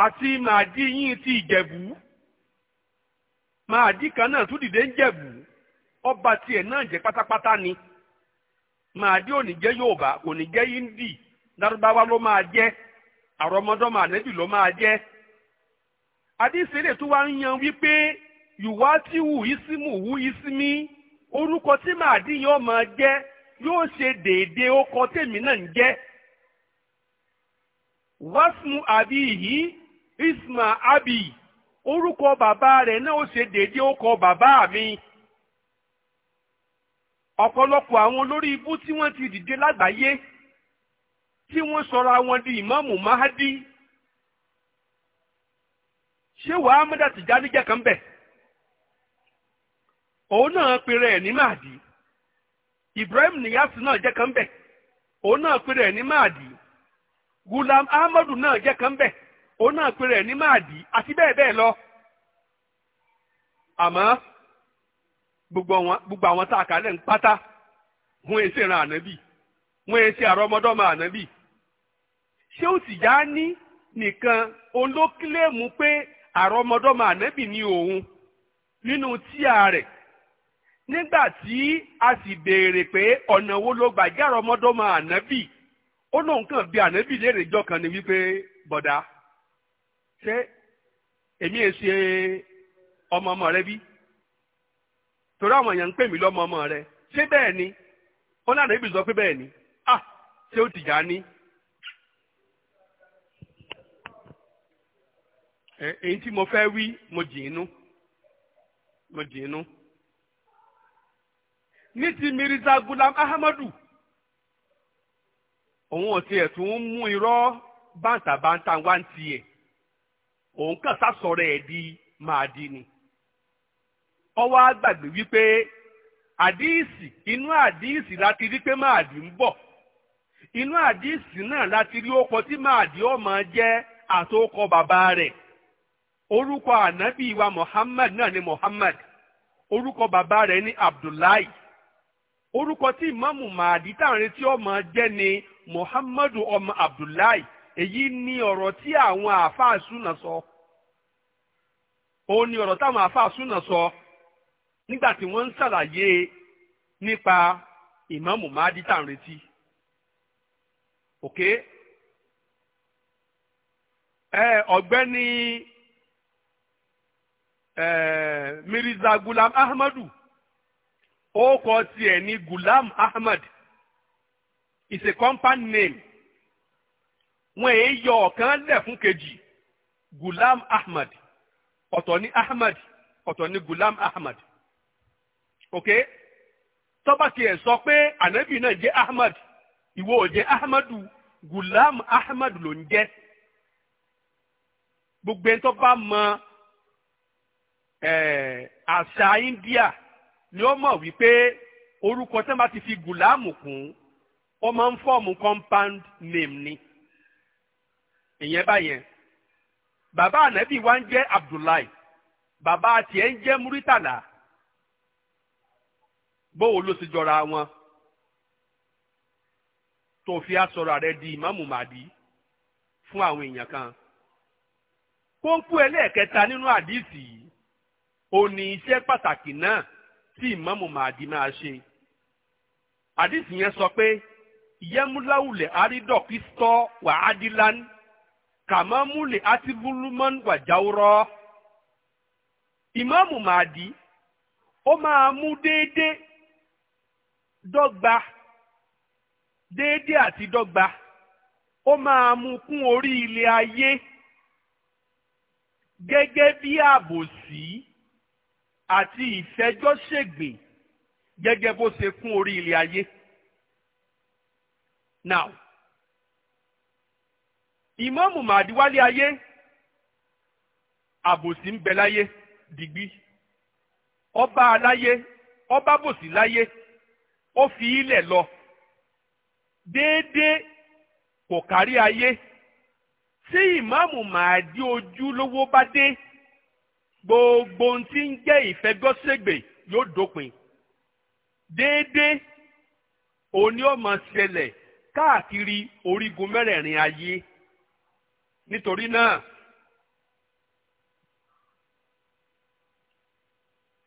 àti màdí yín ti ìjẹ̀bú màdí kan náà tún dìde ń jẹ̀bú ọba tiẹ̀ náà jẹ́ pátápátá ni màdí ò ní jẹ́ Yorùbá kò jẹ́ yíndì Lárúbáwá ló máa jẹ́ àrọ́mọdọ́mọ ànẹ́bì ló máa jẹ́ adísẹ́lẹ̀ tó wá ń yan wípé ìwà tí wù ísímù wù ísímì orúkọ tí jẹ́ yóò ṣe déédéé ó kọ tèmi náà ń jẹ́ wàásù àbí yìí isma abi orúkọ bàbá rẹ̀ náà ó ṣe déédé orúkọ bàbá mi ọ̀pọ̀lọpọ̀ àwọn olórí ibú tí wọ́n ti dìde lágbàáyé tí wọ́n sọra wọn di ìmáàmù Mahadi ṣé wàá Ahmad Tijani jẹ́ kan bẹ̀ òun náà pèrè ẹ̀ ní Mahadi Ibrahim Niyasi náà jẹ́ kan bẹ̀ òun náà pèrè ẹ̀ ní Mahadi Gulam Ahmadu náà jẹ́ kan bẹ̀ òun náà pè rẹ̀ ní máàdì àti bẹ́ẹ̀ bẹ́ẹ̀ lọ. àmọ́ gbogbo àwọn tá a kà lẹ̀ ń pátá wọn èsì ìran ànábì wọn èsì àrọ́mọdọ́mọ ànábì. ṣé ó sì já ní nìkan olókìlẹ̀mù pé àrọ́mọdọ́mọ ànábì ni òun nínú tíà rẹ̀ nígbà tí a sì béèrè pé ọ̀nà wo ló gbà jẹ́ àrọ́mọdọ́mọ ànábì ó lóun kàn bí ànábì léèrè jọ ni wípé bọ̀dá ṣé èmi è ṣe ọmọ ọmọ rẹ bí torí àwọn èèyàn ń pè mí lọ́mọ ọmọ rẹ ṣé bẹ́ẹ̀ ni ó náà níbi sọ pé bẹ́ẹ̀ ni ah ṣé ó tìjà ni èyí tí mo fẹ́ wí mo jì inú mo jì inú. ní ti Mirza Gulam Ahmadu òun ò tiẹ̀ tún mú irọ́ bàǹtàbàǹtà wá ń tiẹ̀. òun kàn sásọ̀rọ̀ ẹ̀ di máa di ni. ọwọ́ àgbàgbé wípé àdíìsì inú àdíìsì láti rí pé máa dì ń bọ̀ inú àdíìsì náà láti rí ó kọ tí máa dì ó máa jẹ́ àtòkọ bàbá rẹ̀ orúkọ ànábì wa Muhammad náà ni Muhammad orúkọ bàbá rẹ̀ ni Abdullahi orúkọ tí ìmáàmù màdí táwọn retí ọmọ jẹ́ ni Muhammadu ọmọ Abdullahi èyí ni ọ̀rọ̀ tí àwọn àáfàá súnà sọ òun ni ọ̀rọ̀ táwọn àáfàá súnà sọ nígbà tí wọ́n ń ṣàlàyé nípa ìmáàmù Mahdi tá à ń retí òkè ẹ ọ̀gbẹ́ni Mirza Gulam Ahmadu ó kọ tiẹ̀ ní Gulam Ahmad it's a company name. wọn èyí yọ ọ̀kan lẹ̀ fún kejì gulam ahmad ọ̀tọ̀ ní ahmad ọ̀tọ̀ ní gulam ahmad ok tọ́ba tiẹ̀ sọ pé ànábì náà jẹ́ ahmad ìwọ ò jẹ́ gulam ahmad ló ń jẹ́ gbogbo ẹni tó bá mọ eh, àṣà india ni ó mọ̀ wípé orúkọ tí wọ́n bá ti fi gulam kún ó máa ń fọ́ọ̀mù compound name ni. ìyẹn báyẹn bàbá ànábì wa ń jẹ́ abdullahi bàbá tiẹ̀ ń jẹ́ muritala bówo ló ti jọra wọn tó fi asọ̀rọ̀ rẹ di ìmáàmù màdí fún àwọn èèyàn kan kóńkú ẹlẹ́ẹ̀kẹta nínú àdìsí yìí ó ní iṣẹ́ pàtàkì náà tí ìmáàmù màdí máa ṣe àdìsí yẹn sọ pé yẹmúláwùlẹ̀ àrídọ̀kítọ́ wàhádìlán kàmá múlẹ̀ àti búlúmọ́n wàjáwúrọ́. ìmáàmù màdí ó máa mú déédé dọ́gba déédé àti dọ́gba ó máa mú kún orí ilé ayé gẹ́gẹ́ bí àbòsí àti ìfẹjọ́ṣègbè gẹ́gẹ́ bó ṣe kún orí ilé ayé. now ìmọ̀ọ́mù màdí wálé ayé àbòsí ń bẹ láyé dìgbì ọba aláyé ọba bòsí láyé ó fi ilẹ̀ lọ déédéé kò kárí ayé tí ìmọ̀ọ́mù màdí ojúlówó bá dé gbogbo ohun tí ń jẹ́ ìfẹ́gọ́sẹ̀gbè yóò dópin déédéé òun ni ṣẹlẹ̀ káàkiri orígun mẹ́rẹ̀ẹ̀rin ayé nítorí náà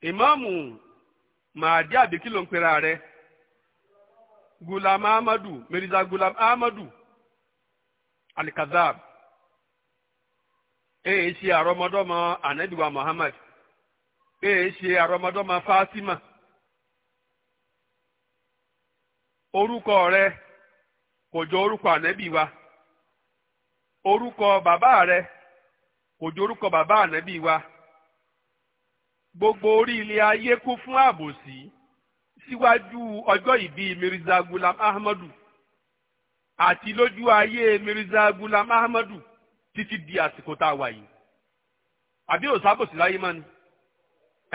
ìmáàmù màdí àbí kí ló ń pera rẹ̀ gulam ahmadu mirza gulam ahmadu alikazab èyí ṣe àrọmọdọ́mọ anabiwa muhammad èyí ṣe àrọmọdọ́mọ fatima orúkọ rẹ̀ kò jọ orúkọ anabiwa. orúkọ bàbá rẹ kò ju orúkọ bàbá ànábì wa gbogbo orí ilé ayé kún fún àbòsí síwájú ọjọ́ ìbí mirza gulam ahmadu àti lójú ayé mirza gulam ahmadu títí di àsìkò tá a wà yìí àbí ò sábòsí láyé mọ́ ni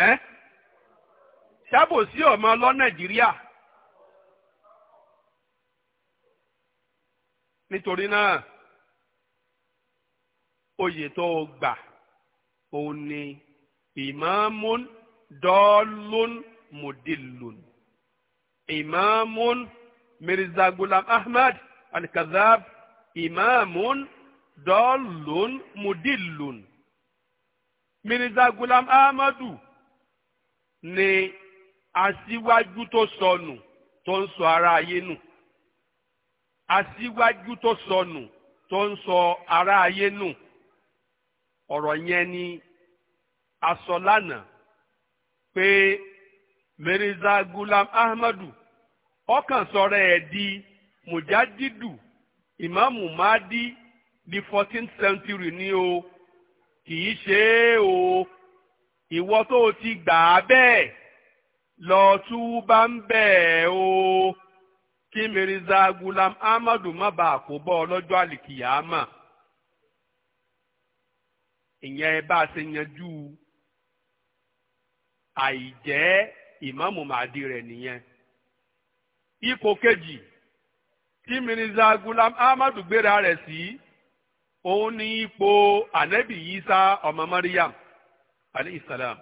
ẹ́ sábòsí ọmọ lọ nàìjíríà nítorí náà. oyè tó o gbà òun ni ìmáàmún dọ́ọ̀lún mùdílùn ìmáàmún mirza gulam ahmad alikazab ìmáàmún dọ́ọ̀lún mùdílùn mirza gulam ahmadu ni aṣíwájú tó sọnù tó ń sọ ara ayé nù aṣíwájú tó sọnù tó ń sọ ara ayé nù. ọ̀rọ̀ yẹn ni a sọ pé Mirza Gulam Ahmadu ọkàn sọ̀rọ̀ ẹ̀ di mujadidu ìmáàmù Mahdi di fourteenth century ni o kì í ṣe é o ìwọ tó o ti gbà á bẹ́ẹ̀ lọ tú bá ń bẹ́ẹ̀ o kí Mirza Gulam Ahmadu má bàa kó bọ́ ọ ìyẹn bá a ṣe yanjú àìjẹ́ ìmáàmù màdí rẹ̀ nìyẹn. ipò kejì tí Mirza Gulam Ahmadu gbéra rẹ̀ sí òun ní ipò ànẹ́bì Isa ọmọ Mariam alayhi salam.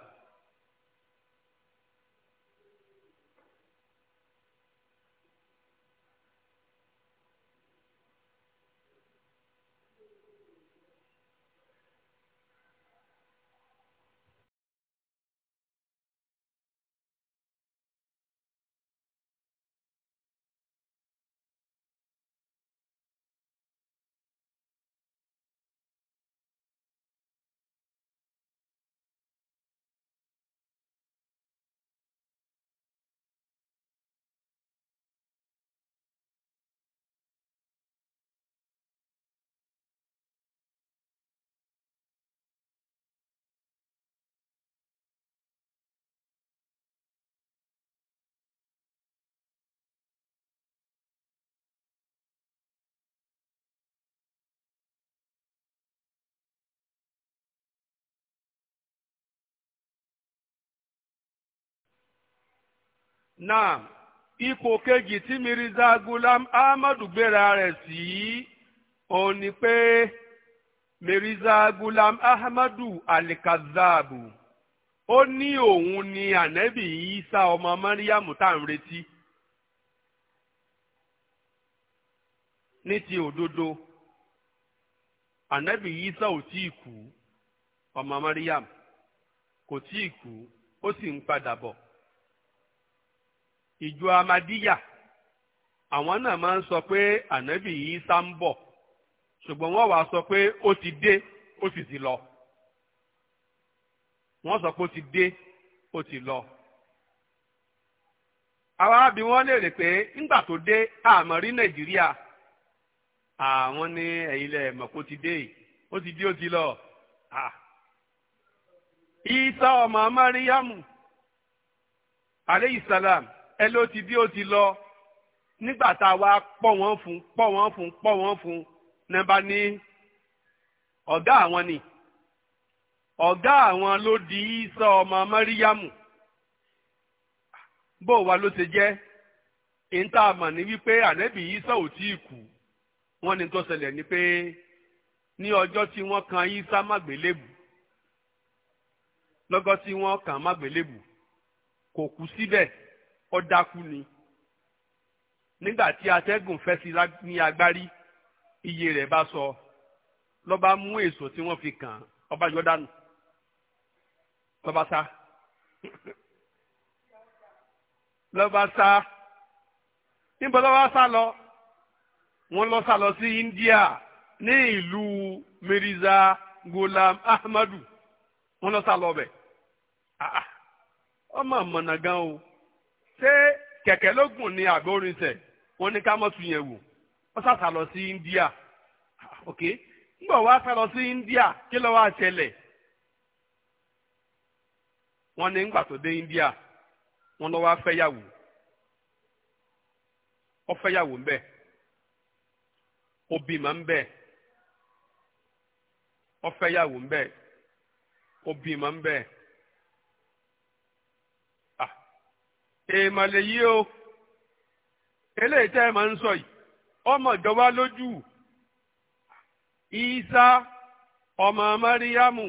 na ipò kejì tí Mirza Ghulam Ahmadu gbere rẹ̀ sí òun ni pé Ahmadu alikazabu ó ní òun ni ànẹ́bì Isa ọmọ Màríyàmù tá à ń retí ní ti òdodo ànẹ́bì Isa ò tí kú ọmọ Màríyàmù kò tí ì kú ó sì ń padà bọ̀. ìjọ amadíyà àwọn náà máa ń sọ pé ànábì yìí sá ń bọ̀ ṣùgbọ́n wọ́n wàá sọ pé ó ti dé ó sì ti lọ wọ́n sọ pé ó ti dé ó ti lọ. àwa bí wọ́n léèrè pé ńgbà tó dé àmọ́ rí nàìjíríà àwọn ní ẹ̀yìn ilẹ̀ mọ̀ kó ti dé ó ti dé ó ti lọ. ìsá ọmọ mariamu aleyhi salam ẹ ló ti bí ó ti lọ nígbà tá a wá pọ̀ wọ́n fún pọ̀ wọ́n fún pọ̀ wọ́n fún nẹ́ẹ̀bá ní ọ̀gá àwọn ni ọ̀gá àwọn ló di Ìsá ọmọ Mẹ́ríyámù bó wa ló ṣe jẹ́ ìta àmọ̀ ní wípé ànẹ́bì Ìsá ò tí ì kú wọ́n ní tó ṣẹlẹ̀ ni pé ní ọjọ́ tí wọ́n kan Ìsá mágbélébù lọ́gọ́ tí wọ́n kàn mágbélébù kò kú síbẹ̀. Si ó dákú ni nígbà tí atẹ́gùn fẹ́ sí ní agbárí iye rẹ̀ bá sọ ló bá mú èso tí wọ́n fi kàn ó bá yọ sá ló sá níbo ló sá lọ wọ́n lọ sá lọ sí India ní ìlú Mirza Ghulam Ahmadu wọ́n lọ sá lọ bẹ̀ ọmọ àmọ̀nà gan o ṣé kẹ̀kẹ́ ló gùn ní àgọ́ orin sẹ̀ wọ́n ní ká mọ̀ tún yẹn wò wọ́n sàṣà lọ sí India ok ńgbà wá sá sí India kí ló wá ṣẹlẹ̀ wọ́n ní ńgbà tó dé India wọ́n lọ wá fẹ́yàwó ó fẹ́yàwó ńbẹ ó bímọ ńbẹ ó fẹ́yàwó ńbẹ ó bímọ ńbẹ. èèmọ̀ lèyí o eléyìí tẹ́ ẹ máa ń sọ yìí ọmọ ìjọba lójú Ìsá ọmọ Mariamu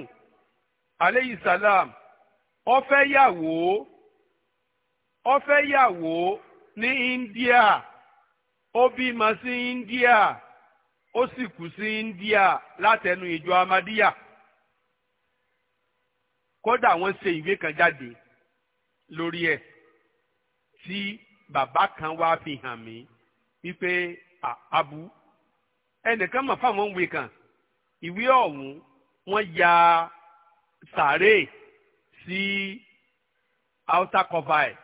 aleyhi salam ó fẹ́ yàwó fẹ fẹ́ yàwó ní India ó bímọ sí India ó sì kú sí India látẹnu ìjọ Amadiya kódà wọn ṣe ìwé kan jáde lórí ẹ. E tí bàbá kan wá fi hàn mí wípé abu ẹnìkan mọ̀ fáwọn òwe kan ìwé ọ̀hún wọ́n ya sàárè sí outer cover ẹ̀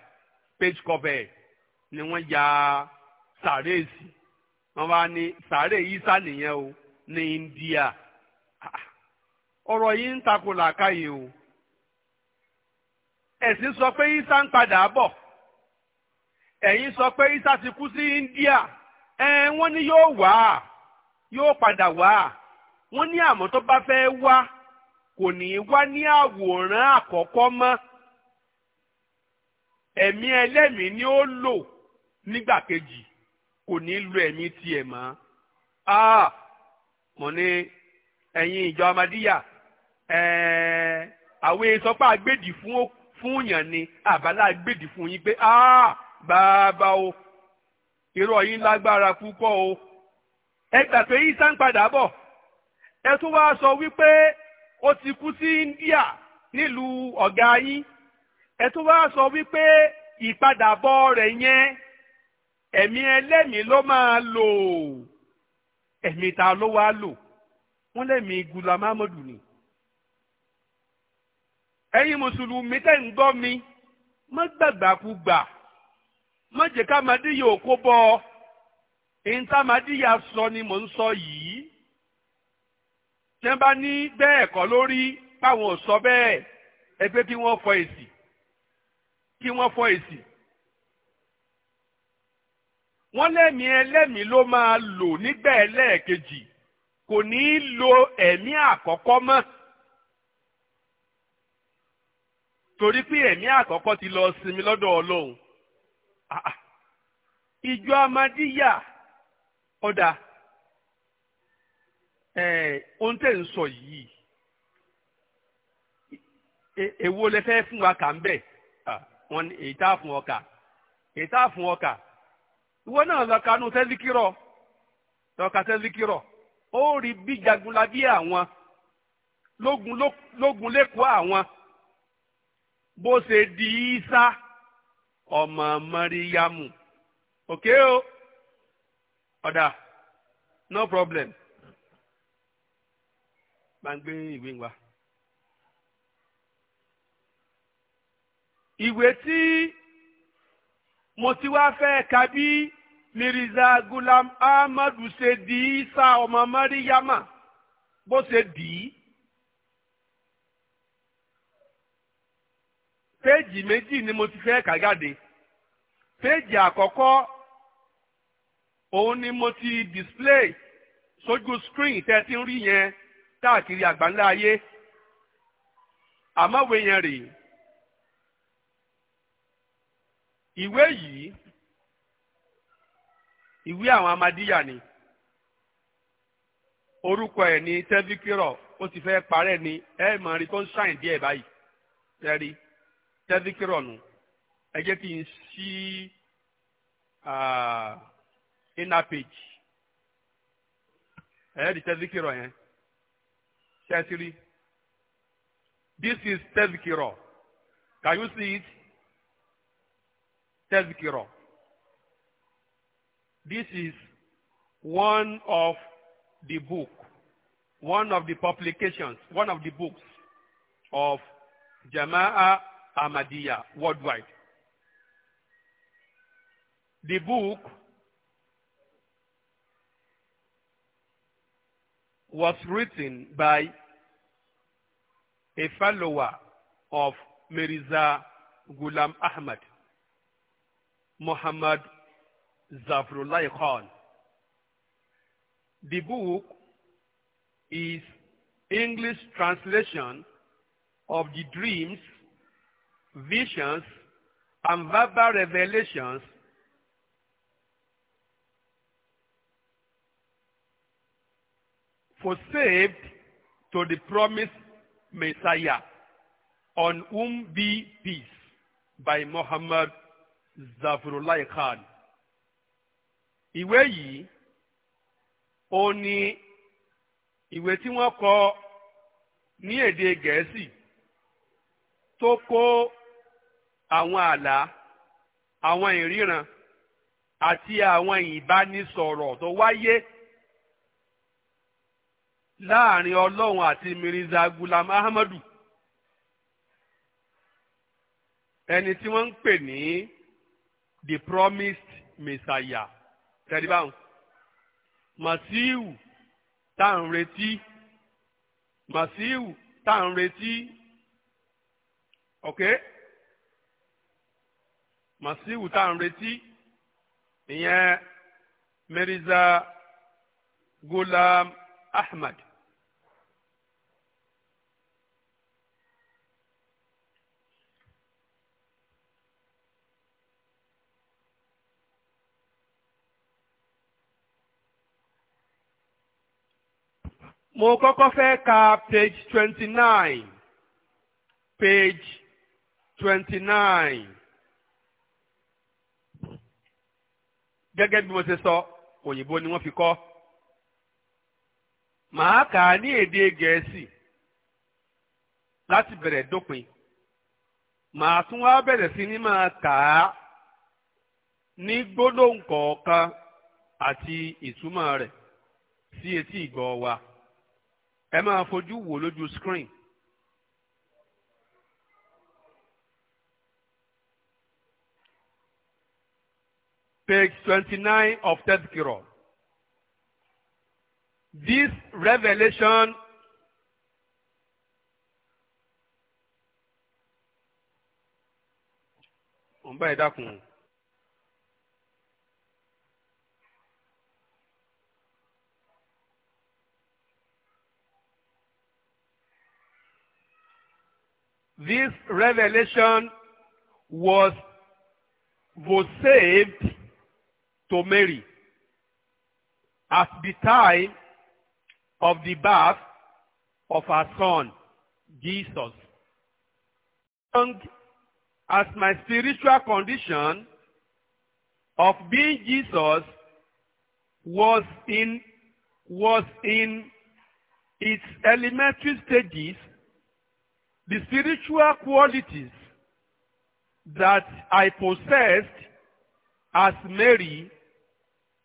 page cover ẹ̀ ni wọ́n ya sàárè sí wọ́n wá ní sàárè isa nìyẹn o ní India ah, ọ̀rọ̀ yìí ń takò làákàyè o ẹ̀sìn sọ pé isa ń padà bọ̀. ẹ̀yin sọ pé isa ti kú sí India ẹ wọ́n ní yóò wá yóò padà wá wọ́n ní àmọ́ tó bá fẹ́ wá kò ní í wá ní àwòrán àkọ́kọ́ mọ́ ẹ̀mí ẹlẹ́mìí ni ó lò nígbà kejì kò ní í lo ẹ̀mí tiẹ̀ mọ́ ah mo ní ẹ̀yin ìjọ amadíyà ẹ̀ẹ́ àwọn èèyàn sọ pé àgbèdì fún yàn ni àbálá àgbèdì fún yín pé ah. bàbá o irọ́ yín lágbára púpọ̀ o ẹ gbà pé isa ń padà bọ̀ ẹ tún wá sọ wípé ó ti kú sí India nílùú ọ̀gá yín ẹ tún wá sọ wípé ìpadàbọ̀ rẹ̀ yẹn ẹ̀mí ẹlẹ́mìí ló máa lò ẹ̀mí ta ló wá lò wọ́n lẹ́mìí Gula Mahmudu ni. ẹ̀yin mùsùlùmí tẹ̀ ń gbọ́ mi má kú gbà má jẹ́ ká màdíyà òkó bọ́ ọ ìńtá màdíyà sọ ni mò ń sọ yìí tí wọ́n bá ní bẹ́ẹ̀ kọ́ lórí báwọn ò sọ bẹ́ẹ̀ ẹgbẹ́ kí wọ́n fọ èsì kí wọ́n fọ èsì wọ́n lẹ́mìí ẹlẹ́mìí ló máa lò nígbà ẹlẹ́ẹ̀kejì kò ní í lo ẹ̀mí àkọ́kọ́ mọ́ torí pé ẹ̀mí àkọ́kọ́ ti lọ sinmi lọ́dọ̀ Ọlọ́run Ah, ah. ìjọ amadíyà ọ̀dà ohun tẹ̀ ń sọ yìí e, èwo lẹ fẹ́ fún wa kà ń bẹ̀ wọn a ọkà èyí tá a fún ọkà ìwọ náà lọ́ka ó bí àwọn lógun lẹ́kọ̀ọ́ àwọn bó ṣe ọmọ mọ́ríyámù òkè o ọ̀dà no problem bá ń gbé ìwé wa. ìwé tí mo ti wá fẹ́ ka bí mirza gulam ahmadu ṣe di sa ọmọ mọ́ríyámà bó ṣe dì í. péèjì méjì ni mo ti fẹ́ kà jáde péèjì àkọ́kọ́ òun ni mo ti display sójú screen tẹ́ ti ń rí yẹn káàkiri àgbáńlá ayé àmọ́wé yẹn rèé ìwé yìí ìwé àwọn amadíyà ni orúkọ ẹ̀ ní tẹ́fíkírọ̀ ó ti fẹ́ parẹ́ ni ẹ̀ mọ̀ rí tó ń ṣàìn díẹ̀ báyìí tẹ́rí tẹ́fíkìrọ̀ nù ẹ jẹ́ kí n sí inner page ẹ̀yẹ́dì tẹ́fíkìrọ̀ yẹn ṣẹ́tìrì this is tẹ́fíkìrọ̀ can you see it tẹ́fíkìrọ̀ this is one of the book one of the publications one of the books of Jama'a Ahmadiyya worldwide. The book was written by a follower of Mirza Ghulam Ahmad, Muhammad Zafrullah Khan. The book is English translation of the dreams visions and verbal revelations foresaid to the promised Messiah, on whom be peace, by Muhammad Zafirullah Khan. Ìwé yìí, ó ní ìwé tí wọ́n kọ ní èdè Gẹ̀ẹ́sì tó kó àwọn àlá àwọn ìríran àti àwọn ìbánisọ̀rọ̀ tó wáyé láàrin ọlọ́run àti Mirza Gulam Ahmadu ẹni tí wọ́n ń pè ní the promised Messiah tẹ̀lébáwọn màsíù tá à ń retí màsíù tá à ń retí okay màsíwù tá à ń retí ìyẹn mirza gulam ahmad mo kọ́kọ́ fẹ́ ka page twenty nine page twenty nine. gẹ́gẹ́ bí mo ṣe sọ òyìnbó ni wọ́n fi kọ́ màá kà á ní èdè gẹ̀ẹ́sì láti bẹ̀rẹ̀ dópin màá tún wá bẹ̀rẹ̀ sí ní máa kà á ní gbólóhùn kọ̀ọ̀kan àti ìtumọ̀ rẹ̀ sí etí ìgbọ̀ wa ẹ máa fojú wò lójú screen page 29 of Tezkiro. This revelation This revelation was vouchsafed to Mary, at the time of the birth of her son, Jesus. And as my spiritual condition of being Jesus was in was in its elementary stages, the spiritual qualities that I possessed as Mary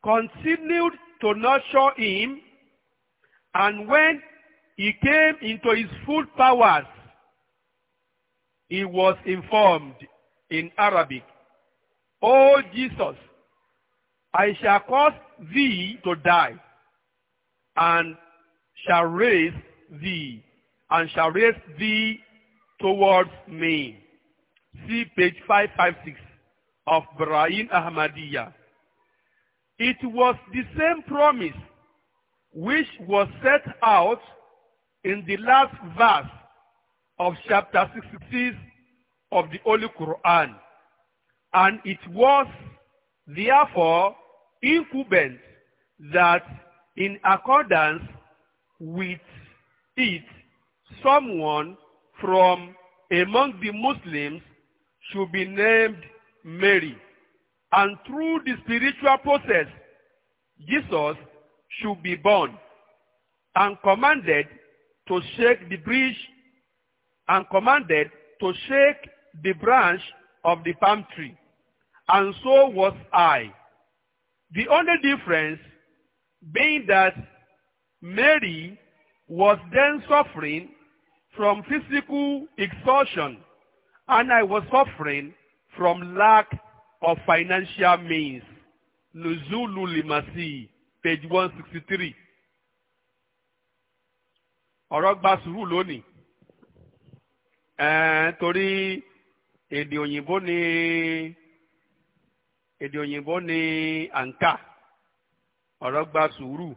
continued to nurture him, and when he came into his full powers, he was informed in Arabic, O Jesus, I shall cause thee to die, and shall raise thee, and shall raise thee towards me. See page 556 of Brahim Ahmadiyya. It was the same promise which was set out in the last verse of chapter 66 of the Holy Quran. And it was therefore incumbent that in accordance with it, someone from among the Muslims should be named Mary. And through the spiritual process, Jesus should be born and commanded to shake the branch and commanded to shake the branch of the palm tree. And so was I. The only difference being that Mary was then suffering from physical exhaustion and I was suffering from lack of financial means Nuzulu Limasi page one sixty three ọ̀rọ̀ gba sùúrù lónìí ẹ̀ẹ́n torí èdè òyìnbó ni èdè òyìnbó ni àǹkà ọ̀rọ̀ gba sùúrù.